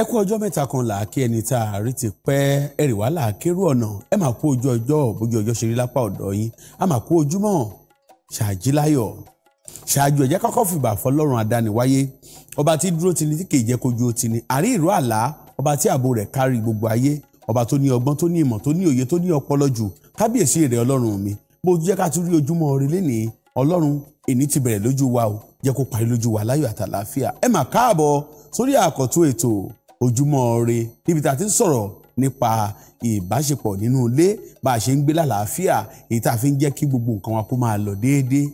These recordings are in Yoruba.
ẹ kú ọjọ́ mẹ́ta kan làákí ẹni tá a rí ti pẹ́ ẹ̀rì wá làákérú ọ̀nà ẹ máa kú ojú ọjọ́ bójú ọjọ́ ṣe rí lápá ọ̀dọ̀ yín a máa kú ojúmọ́ ṣáàjí láyọ̀ ṣáájú ẹ̀jẹ̀ kọ́kọ́ fìgbà fọlọ́run adániwáyé ọba tí dúró tini tí kìí jẹ́ kojú ó tini àrí ìró àlá ọba tí ààbò rẹ̀ kárí gbogbo ayé ọba tó ní ọgbọ́n tó ní ìmọ̀ tó ní òye tó ní ọpọlọ jù kábíyèsí rẹ̀ ọlọ́run mi bó jẹ́ ká tún rí ojúmọ́ orí lénìí ọlọ́run èní ti bẹ̀rẹ̀ lójú wa o jẹ́ kó parí lójú wa láyọ̀ àtàlàáfíà ẹ mà káàbọ̀ sórí àkọ́tún ètò ojúmọ́ ire níbi tá a ti ń sọ̀rọ̀ nípa ìbáṣepọ̀ nínú ilé bá a ṣe ń gbé lálàáfíà èyí tá a fi ń jẹ́ kí gbogbo nǹkan wa kó máa lọ déédéé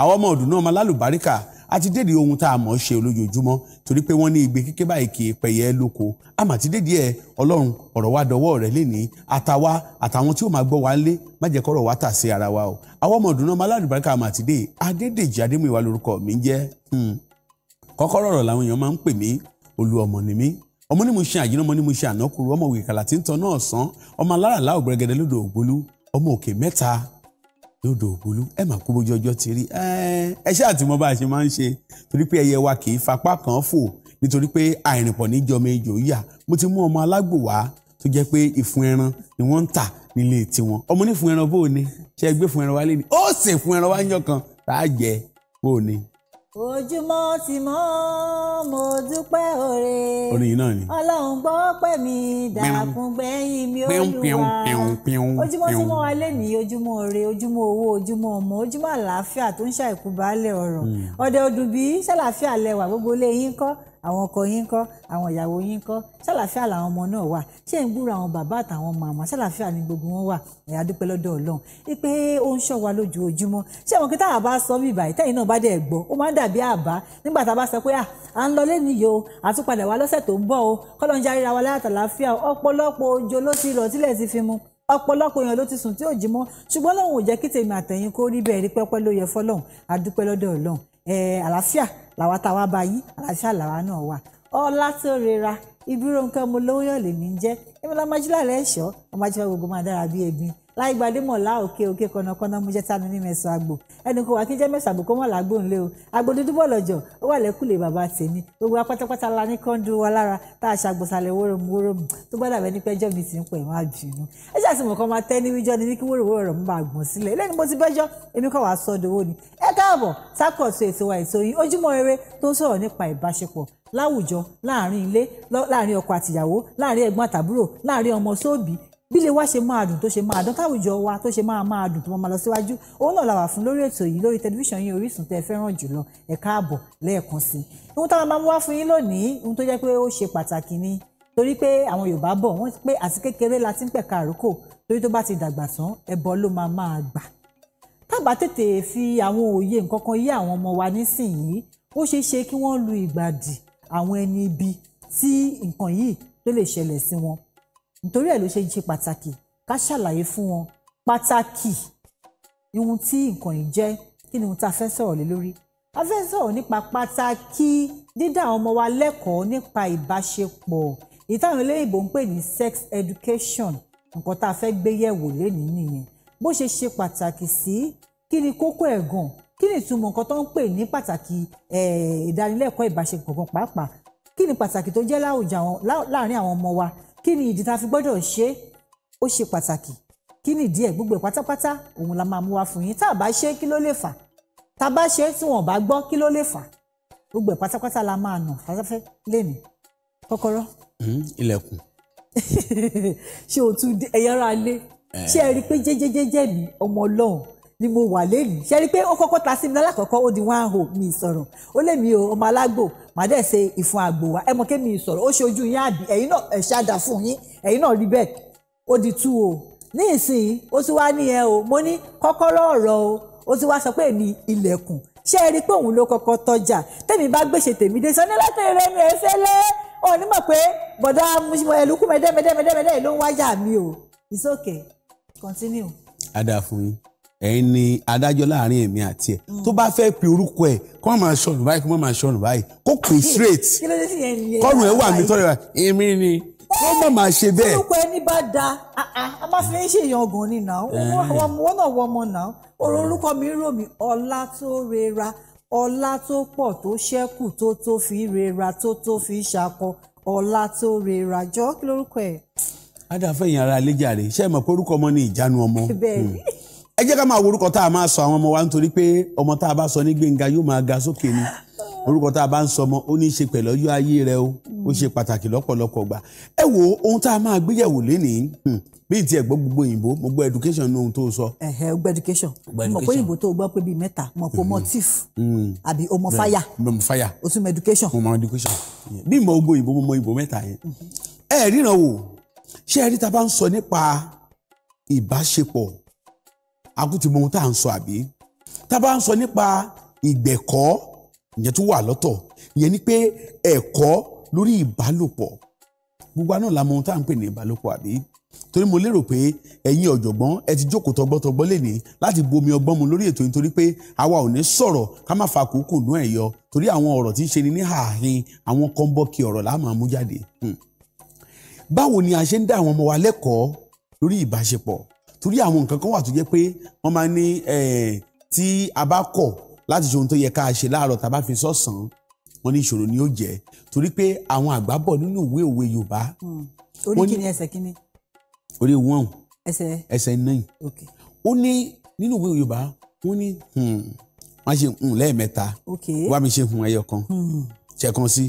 àwọn ọmọ ọdún náà máa lálùbáríkà a ti dédìí ohun tá a mọ̀ ṣe lójoojúmọ́ torí pé wọ́n ní igbe kíkẹ́ báyìí kì í pẹ̀yẹ lóko a mà ti dédìí ẹ ọlọ́run ọ̀rọ̀ wa dọwọ́ rẹ lénìí àtàwa àtàwọn tí ó máa gbọ́ wa ń lé má kọ́rọ̀ wa tà sí ara wa o àwọn ọmọ ọ̀dùnnà alálùbáríkà àmà ti dé Adédèjì Adémúyìwá lórúkọ mi jẹ́ hmm. kọ́kọ́rọ́ ọ̀rọ̀ làwọn èèyàn máa ń pè mí olú ọmọ ni mí ọmọ ní mo ṣe àyínà ọmọ ní mo ṣe ànákùrú ọmọ òwe kàlà tí ń tan náà sán ọmọ aláràlá ògbẹrẹgẹdẹ lódò ògbólú ọmọ òkè mẹ́ta lódò ògbólú ẹ mà kú bójú ọjọ́ ti rí ẹ ṣáà tí mo bá ṣe máa ń ṣe torí pé ẹyẹ wa kì í fapá kan fò nítorí pé àìrìnpọ̀ níjọmọ ejò yà mo ti mú ọmọ alágbò wá tó jẹ́ pé ìfun ẹran ni wọ́n ń tà nílé tiwọn ọmọ ní fun ẹran bóò ṣe gbé fun ẹran wá lé ó sì fun ẹran wá ń yọ kan tá a ni. ojúmọ́ ti mọ́ mo dúpẹ́ òre orin yìí náà ni ọlọ́run gbọ́ pẹ̀ mí dàkún gbẹ̀yìn mi olúwa ojúmọ́ tí mo wà lẹ́nìí ojúmọ́ òre ojúmọ́ owó ojúmọ́ ọmọ ojúmọ́ àlàáfíà tó ń ṣàìkú baálé ọ̀rọ̀ ọ̀dẹ̀ òdùbí ṣàlàáfíà lẹwà gbogbo ilé kọ́ àwọn ọkọ yín ńkọ́ àwọn ìyàwó yín ńkọ́ ṣàlàáfíà làwọn ọmọ náà wà ṣé ń gbúra àwọn bàbá àtàwọn màmá ṣàlàáfíà ni gbogbo wọn wà ẹ̀yà dúpẹ́ lọ́dọ̀ ọlọ́run pé ó ń ṣọ́ wa lójoojúmọ́ ṣé àwọn kí táwa bá sọ mí báyìí tẹ́yìn náà bá dẹ̀ gbọ́ ó máa ń dàbí àbá nígbà tá a bá sọ pé à ń lọ lẹ́nu yìí o àtúpadà wa lọ́sẹ̀ tó ń bọ̀ o kọ́lọ́njà ríra wa látàláfíà ọ̀pọ̀lọpọ̀ ọjọ́ ló ti lọ èèyàn ló ti sùn tí ò jí mọ́ ṣùgbọ́n lóun ò jẹ́ kí tèmi àtẹ̀yìn kó rí bẹ́ẹ̀ rí pẹ́pẹ́ ló yẹ fọ́lọ́hún adúpẹ́ lọ́dọ̀ ọlọ́hún àlàáfíà làwa táwa bá yí àlàáfíà làwa náà wà ọlá tó rera ibi ronkan mo lówó yọ̀ lèmi ń jẹ́ èmi lọ́mọ ajílẹ̀ ẹ̀ṣọ́ ọmọ ajílẹ̀ gbogbo máa dára bí ebi láì gbadémọ̀ lá òkè òkè kọ̀nàkọ̀nà mo jẹ́ tánu ní mẹ́sàn àgbò ẹnì kan wà kí n jẹ́ mẹ́sàn àgbò kó mọ̀ làgbò ńlẹ̀ o àgbò dúdú bọ̀ lọ́jọ́ ó wà lẹ́kùlé bàbá tèmi gbogbo apátápátá la ní kọ́ńdú wa lára tá a ṣàgbọ̀sálẹ̀ wóròmùwóròmù tó bá dàbẹ́ ní pẹ́jọ́ mi ti ń pẹ̀ wá jùlọ ẹ ṣáà sì mọ̀ kọ́ máa tẹ́ ní wíjọ́ ni ní kí wóròwórò rẹ̀ mú bá gbọ̀n sílẹ̀ lẹ́ni mo ti bẹ́jọ́ èmi kọ́ wàá sọ́dọ̀ owó ni ẹ káàbọ̀ sákòtò ètò wa ètò yìí ojúmọ́ rere tó ń sọ̀rọ̀ nípa ìbáṣepọ̀ láwùjọ láàrin ilé láàrin ọkọ àtìyàwó láàrin ẹ̀gbọ́n àtàbúrò láàrin ọmọ sóòbí bí ilé wa ṣe máa dùn tó ṣe máa dán táwùjọ wa tó ṣe máa máa dùn tó máa lọ síwájú òun náà la wà fún lórí ètò yìí lórí tẹlifíṣàn yín Orísun tẹ́ fẹ́ràn jùlọ ẹ káàbọ̀ lẹ́ẹ̀kan sí i ohun táwọn máa mú wá fún yín lónìí ohun tó jẹ́ pé ó ṣe pàtàkì ni torí pé àwọn Yorùbá bọ̀ wọ́n pé àti kékeré la ti ń pẹ̀ka àrókò torí tó bá ti dàgbà tán ẹbọ ló máa máa gbà tábà tètè fi àwọn òye nǹkan kan yé àwọn nítorí ẹ̀ ló ṣe ṣe pàtàkì ká ṣàlàyé fún wọn pàtàkì ohun tí nǹkan yìí jẹ́ kí ni ohun tá a fẹ́ sọ̀rọ̀ lé lórí a fẹ́ sọ̀rọ̀ nípa pàtàkì dídá àwọn ọmọ wa lẹ́kọ̀ọ́ nípa ìbáṣepọ̀ èyí táwọn eléyìnbó ń pè ní sex education nǹkan tá a fẹ́ gbé yẹ̀wò lénìí nìyẹn bó ṣe ṣe pàtàkì sí kí ni kókó ẹ̀ gan kí ni ìtumọ̀ nǹkan tó ń pè ní pàtàkì ìdánilẹ́kọ̀ọ́ ìbáṣepọ̀ pàápàá kí ni pàtàkì tó jẹ́ láwùjọ láàárín àwọn ọmọ wa kí ni ìdí tá a fi gbọ́dọ̀ ṣe ó ṣe pàtàkì kí ni ìdí ẹ̀ gbogbo ẹ̀ pátápátá òun la máa mú wá fún yín tá a bá ṣe kí ló lè fà tá a bá ṣe tí wọn ò bá gbọ́ kí ló lè fà gbogbo ẹ̀ pátápátá la máa nà afẹ́fẹ́ lẹ́nu kọ́kọ́rọ́. Hmm, ilẹ̀kùn. ṣé o tún ẹ̀yára lé eh. ṣé ẹ rí i pé jẹ́jẹ́jẹ́jẹ́ mi ọmọ ọlọ́run ni mo wà lẹ́nu ṣe rí i pé ó kọ́kọ́ ta sí mi lálákọ̀ọ́kọ́ ó di one hole mi sọ̀rọ̀ ó lé mi o ọmọ alágbò màá dẹ̀ ṣe ìfun àgbò wa ẹ mọ mi sọ̀rọ̀ ó ṣojú yín àbí ẹ̀yin náà ẹ̀ ṣáda fún yín ẹ̀yin náà rí bẹ́ẹ̀ ó di two o ní ìsìn ó ti wá nìyẹn o mo ní kọ́kọ́rọ́ ọ̀rọ̀ o ó ti wá sọ pé èmi ilẹ̀kùn ṣé ẹ rí i pé òun ló kọ́kọ́ tọ́jà tèmi bá gbèsè tèmi dé sọ ní mi ẹ̀ fẹ́lẹ́ ọ̀ nímọ̀ pé bọ̀dá ẹ̀lúkú mẹ́dẹ́mẹ́dẹ́mẹ́dẹ́ ló ń wájà mi o it's okay continue. a ẹ̀yin ni adájọ́ láàrin èmi àti ẹ̀ tó bá fẹ́ pe orúkọ ẹ̀ kó má máa sọnù báyìí kó má máa sọnù báyìí kó pè straight kọ́rùn ẹ̀ wà mí tọ́lẹ̀ wá èmi ni kó má máa ṣe bẹ́ẹ̀. orúkọ ẹni bá da a máa fi ń ṣèyàn ọgàn ni nà wọn náà wọ ọmọ nà ọ̀rọ̀ orúkọ mi rò mí ọlá tó rẹra ọlá tó pọ̀ tó ṣẹ́kù tó tó fi rẹra tó tó fi ṣakọ ọlá tó rẹra jọ kí lórúkọ ẹ̀. adáfẹ́yìn ara alẹ́ jàre ṣé ẹ mọ̀ pé orúkọ ọmọ ni ìjánu ọmọ. bẹ́ẹ̀ hmm. ni ẹ jẹ́ ká máa wo orúkọ tá a máa sọ àwọn ọmọ wa nítorí pé ọmọ tá a bá sọ ní gbẹ̀ngà yóò máa ga sókè ni orúkọ tá a bá ń sọ ọmọ ó ní í ṣe pẹ̀lú ọjọ́ ayé rẹ o ó ṣe pàtàkì lọ́pọ̀lọpọ̀ gbà ẹ wo ohun tá a máa gbéyẹ̀wò lénìí hmm. bí ti ẹ̀ gbọ́ gbogbo òyìnbó mo gbọ́ education ní ohun tó sọ. ẹhẹ gbọ́ education mọ̀ pé òyìnbó tó gbọ́ pé bíi mẹ́ta mọ̀ pé ọmọ hmm. Hmm. àbí ọmọ fire o tún mọ̀ education. mo mọ̀ education bí mo gbọ́ òyìnbó mo mọ̀ òyìnbó mẹ́ta yẹn. ẹ ríran wo ṣé ẹ rí ta bá ń sọ nípa ìbáṣepọ̀ akúti mọ ohun tá à ń sọ àbí tá a bá ń sọ nípa ìgbẹ̀kọ́ ìyẹn tó wà lọ́tọ̀ ìyẹn ni pé ẹ̀kọ́ lórí ìbálòpọ̀ gbogbo àná la mọ ohun tá à ń pè ní ìbálòpọ̀ àbí torí mo lérò pé ẹ̀yin ọ̀jọ̀gbọ́n ẹ ti jókòó tọgbọ́tọgbọ́ lè ní láti bomi ọgbọ́n mu lórí ètò yìí torí pé àwa ò ní sọ̀rọ̀ ká má fa kúkú nú ẹ̀ yọ torí àwọn ọ̀rọ̀ tí ń ṣe ni ní ààrin àwọn kọ́ńbọ́ọ̀kì ọ̀rọ̀ là máa mú jáde. Hmm. báwo ni a ṣe ń dá àwọn ọmọ wa lẹ́kọ̀ọ́ lórí ìbáṣepọ̀ torí àwọn nǹkan kan wà tó jẹ́ pé wọ́n máa ní eh, tí a bá kọ̀ láti ṣe ohun tó yẹ ká ṣe láàárọ̀ tá a bá fi sọ̀sán wọ́n ní ìṣòro ni ó jẹ́ torí pé àwọn àgbà bọ̀ nínú ìwé òwe Yorùbá. Hmm. orí kí ni ẹsẹ̀ kí ni. orí wọn ẹsẹ̀ ẹsẹ̀ nine. ó ní nínú ìwé Yorùbá wọ́n ní hmm, wọ́n ṣe hùn hmm, lẹ́ẹ̀mẹ́ta wá mi ṣe hùn ẹyọ kan ṣẹ̀kan sí.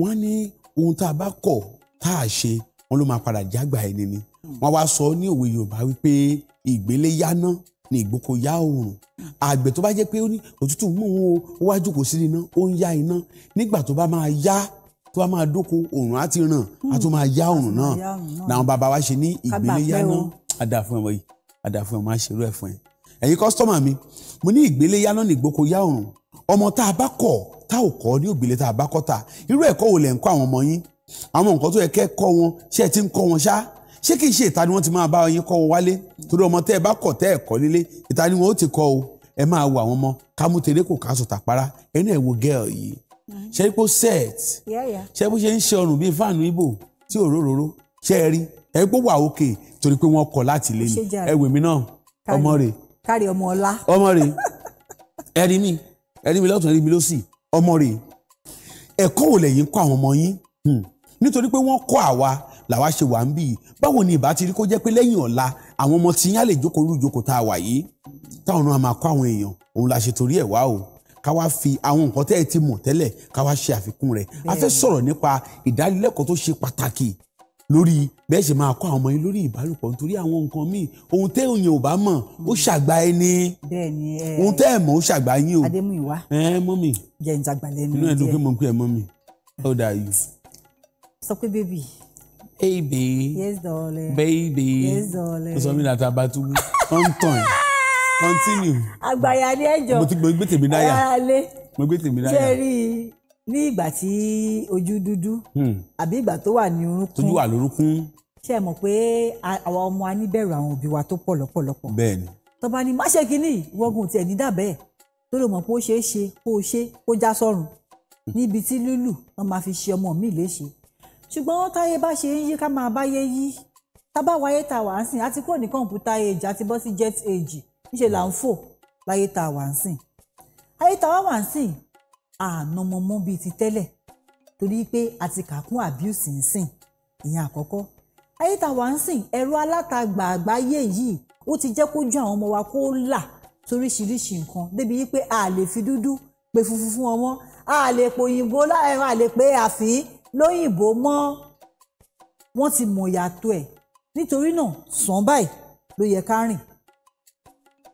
wọ́n ní ohun tá a bá kọ̀ tá a ṣe wọ́n ló máa padà jágbà ẹni ni wọ́n wá sọ ní òwe yorùbá wípé ìgbélé yáná ni ìgbóko yá oòrùn àgbẹ̀ tó bá jẹ́ pé òtútù mú un ó wá jókòó sí iná ó ń yá iná nígbà tó bá máa yá tó bá máa dóko oòrùn á ti ràn á tó máa yá oòrùn náà làwọn bàbá wa ṣe ní ìgbélé yáná àdàfún ẹ̀ wọ̀nyí àdàfún ẹ̀ máa ṣerú ẹ̀ fún ẹ̀ ẹ̀yin kọ́sítọ́mà mi mo ní ìgbélé yáná ni ìgbóko yá oòrùn ọmọ tá a bá kọ̀ tá ò kọ́ ní ògbélé tá a bá kọ́ ta irú ẹ̀kọ́ wo lẹ̀ ń kọ́ àwọn ọmọ yín àwọn nǹkan tó yẹ kẹ́ ṣé kì í ṣe ìta ni wọ́n ti máa bá yín kọ́ ọ wálé torí ọmọ tẹ́ ẹ bá kọ̀ tẹ́ ẹ kọ́ nílé ìta ni wọ́n ó ti kọ́ ọ ẹ máa wo àwọn ọmọ kámútẹ̀lé kò káṣọ tàpárá ẹ náà wo girl yìí ṣe é kó set ṣe é bó ṣe ń ṣe ọrùn bíi fáànù ibo tí ò róróró ṣe é rí ẹ gbọ́ wà òkè torí pé wọ́n kọ̀ láti lé ni ẹ wè mí náà ọmọ rẹ̀ kárí ọmọ ọlá ọmọ rẹ̀ ẹ mi ẹ mi lọ́tún ẹ rí mi lọ́sì ọmọ rẹ̀ ẹ̀kọ́ wò lẹ́yìn kọ́ àwọn ọmọ yín hmm. nítorí pé wọ́n kọ́ àwa làwa ṣe wà ń bì í báwo ni ìbá ti rí kó jẹ́ pé lẹ́yìn ọ̀la àwọn ọmọ tí yín á lè jókòó rú ìjókòó tá a wà yìí táwọn náà máa kọ́ àwọn èèyàn òun la ṣe torí ẹ̀ wá o ká wá fi àwọn nǹkan tẹ́ ẹ ti mọ̀ tẹ́lẹ̀ ká wá ṣe àfikún rẹ̀ a fẹ́ sọ̀rọ̀ nípa ìdánilẹ́kọ̀ọ́ tó ṣe pàtàkì lórí bẹ́ẹ̀ ṣe máa kọ́ àwọn ọmọ yín lórí ìbálòpọ̀ nítorí àwọn nǹkan míì ohun tẹ́ òyìn ò bá mọ̀ ó hmm. ṣàgbà ẹni ohun tẹ́ ẹ̀ mọ̀ ó ṣàgbà yín o ẹ mọ́ mi jẹ́ ìjàgbá lẹ́nu jẹ́ inú ẹ̀ ló pé mo ń ẹ mọ́ mi how are you. sọ pé bébì hey yes darling baby yes darling sọmi na Tabatubu kọ́ńtàn continue. àgbàyà ni ẹjọ mo ti gbé tèmi náyà mo gbé tèmi náyà. jẹ́rí ní ìgbà tí ojú dúdú hmm. àbí ìgbà tó wà ní orúnkún tójú wà lórúnkún. ṣé ẹ pé àwọn ọmọ a àwọn òbí wa tó pọ̀ lọ́pọ̀lọpọ̀. bẹ́ẹ̀ni. tọ́ba ni má ṣe kínní ìwọ́gun tiẹ̀ ní dàbẹ́ ẹ̀ tó lè mọ̀ pé ó ṣeé ṣe kó o ṣe kó já sọ́run hmm. níbi tí lílù wọn máa fi ṣe ọmọ mi léṣe ṣùgbọ́n táyé bá ṣe ń yí ká máa báyé yí tábà wáyé tá a wà ń sìn àti kúrò ní kọ̀ǹpútà age àti bọ́ sí jet age níṣẹ́ là ń fò láyé tá a wà ń sìn ayé tá a wà ń sìn àná mọ́mọ́ bíi ti tẹ́lẹ̀ torí pé a ti kà kún abuse ń sìn ìyẹn àkọ́kọ́ ayé tá a wà ń sìn ẹ̀rọ alátagbà àgbáyé yìí ó ti jẹ́ kójú àwọn ọmọ wa kó là toríṣiríṣi nǹkan débi wípé a lè fi dúdú pe funfun fún ọmọ a lè pòyìnbó láàrin a lè pe àfín lóyìnbó mọ́ wọ́n ti mọ̀ yàtọ̀ ẹ̀ nítorí náà sàn báyìí ló yẹ ká rìn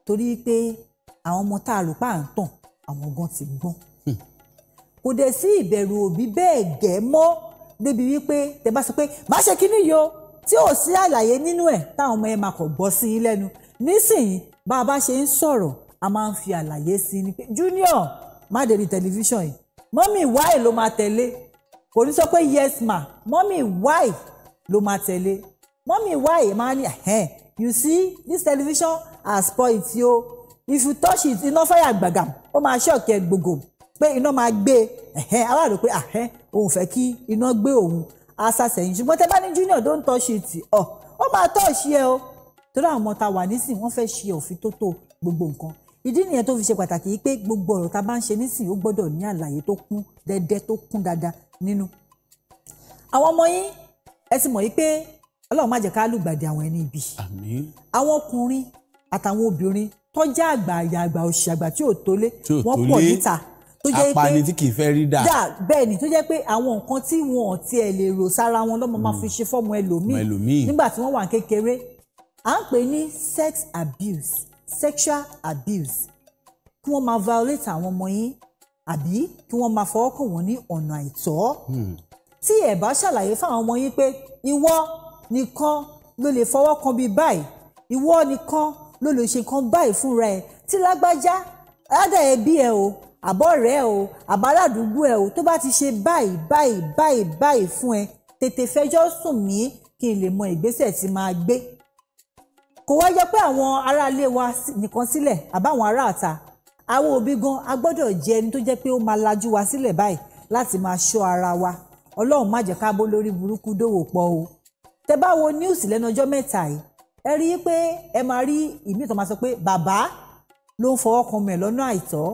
torí pé àwọn ọmọ tá a rò pa à ń tàn àwọn gan ti gbọ́n hmm. kò dẹ̀ sí ìbẹ̀rù òbí bẹ́ẹ̀ gẹ́ mọ́ débi wípé tẹ bá sọ pé má ṣe kíní yo tí ò sí àlàyé nínú ẹ̀ táwọn ọmọ ẹ máa kọ̀ gbọ́ sí i lẹ́nu nísìnyí bá a bá ṣe ń sọ̀rọ̀ a máa ń fi àlàyé sí i ni pé junior má dé rí tẹlifíṣàn yìí mọ́mì wáì ló máa tẹ̀lé kò ní sọ pé yes ma mọ́mì why ló máa tẹ̀lé mọ́mì why máa ní ẹ̀hẹ́n you see this television has spoil it o if you touch it iná fáyà gbàgàm ó máa ṣọ́ọ̀kì ẹ gbogbo pé iná máa gbé ẹ̀hẹ́n aráàlú pé ẹ̀hẹ́n òun fẹ́ kí iná gbé òun asàsẹ̀yìn ṣùgbọ́n tẹ bá ní junior don touch it ọ̀ ó máa touch ẹ o torí àwọn ọmọ ta wà nísìn wọ́n fẹ́ ṣe òfin tó tó gbogbo nǹkan ìdí nìyẹn tó fi ṣe pàtàkì yìí pé gbogbo ọ̀rọ̀ tá a bá ń ṣe nísìnyí ó gbọ́dọ̀ ní àlàyé tó kún dẹ́dẹ́ tó kún dáadáa nínú. àwọn ọmọ yín ẹ ti mọ̀ yìí pé ọlọ́run má jẹ́ ká lùgbàdì àwọn ẹni ibi. àmín. àwọn ọkùnrin àtàwọn obìnrin tọ́jà àgbà àyà àgbà òṣì àgbà tí ò tólé wọ́n pọ̀ níta apani tí kì í fẹ́ rí dà. dà bẹ́ẹ̀ ni tó jẹ́ pé àwọn nǹkan tí wọn tiẹ̀ lè rò sára wọn lọ́mọ máa hmm. fi ṣe fọ́ọ̀mù ẹlòmíì nígbà tí wọ́n wà kékeré à ń pè ní sex abuse sexual abuse kí wọ́n máa violate àwọn ọmọ yín àbí kí wọ́n máa fọwọ́ kàn wọ́n ní ọ̀nà àìtọ́ hmm. tí ẹ bá ṣàlàyé fáwọn ọmọ yín pé ìwọ nìkan ló lè fọwọ́ kan bíi báyìí ìwọ nìkan ló lè ṣe nǹkan báyìí fúnra ẹ tí lágbájá ládà ẹbí ẹ o àbọ̀ rẹ o àbáràdúgbò ẹ o tó bá ti ṣe báyìí báyìí báyìí báyìí fún ẹ tètè fẹjọ́ sùn mí kí n lè mọ ìgbésẹ̀ tí máa gbé kò wá jẹ́ pé àwọn aráalé wa nìkan sílẹ̀ àbáwọn aráàta àwọn òbí gan a gbọ́dọ̀ jẹ́ ẹni tó jẹ́ pé ó máa lajú wa sílẹ̀ báyìí láti máa ṣọ́ ara wa ọlọ́run má jẹ́ ká bó lórí burúkú dòwò pọ̀ o tẹ bá wo news lẹ́nu ọjọ́ mẹ́ta yìí ẹ rí i pé ẹ máa rí ìmí tó máa sọ pé bàbá ló ń fọwọ́ kan mẹ́ lọ́nà àìtọ́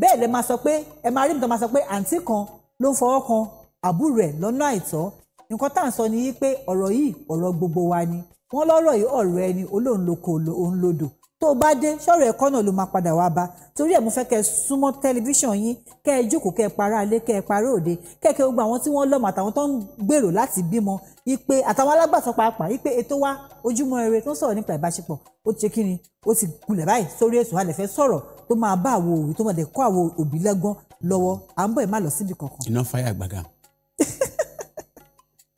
bẹ́ẹ̀ lẹ máa sọ pé ẹ máa rí ìmí tó máa sọ pé àǹtí kan ló ń fọwọ́ kan àbúrò ẹ̀ lọ́nà àìtọ́ nǹkan tá à ń sọ ni yí pé ọ̀rọ̀ yìí ọ̀rọ̀ gbogbo wa ni wọ́n lọ́rọ̀ yìí ọ̀rọ̀ ẹni olóhùn lóko òun lodò tó bá dé sọ̀rọ̀ ẹ̀kọ́ náà ló máa padà wá bá torí ẹ̀ mo fẹ́ kẹ́ súnmọ́ tẹlifíṣàn yín kẹ́ ẹ jókòó kẹ́ ẹ para ilé kẹ́ ẹ para òde kẹ́kẹ́ gbogbo àwọn tí wọ́n lọ́mọ àtàwọn tó ń gbèrò láti bímọ ipe àtàwọn alágbàtọ́ pàápàá ipe ètò wa ojúmọ́ ire tó ń sọ̀rọ̀ nípa ìbáṣepọ̀ ó ti kí ni ó ti kulẹ̀ báyìí sórí ètò alẹ́ fẹ́ sọ̀rọ̀ tó máa bá àwọn òwe tó máa dẹ̀ kọ́ àwọn òbí lẹ́gbọ́n lọ́wọ́ à ń bọ̀ ẹ̀ má lọ síbi kankan. iná fáyà gbàgà.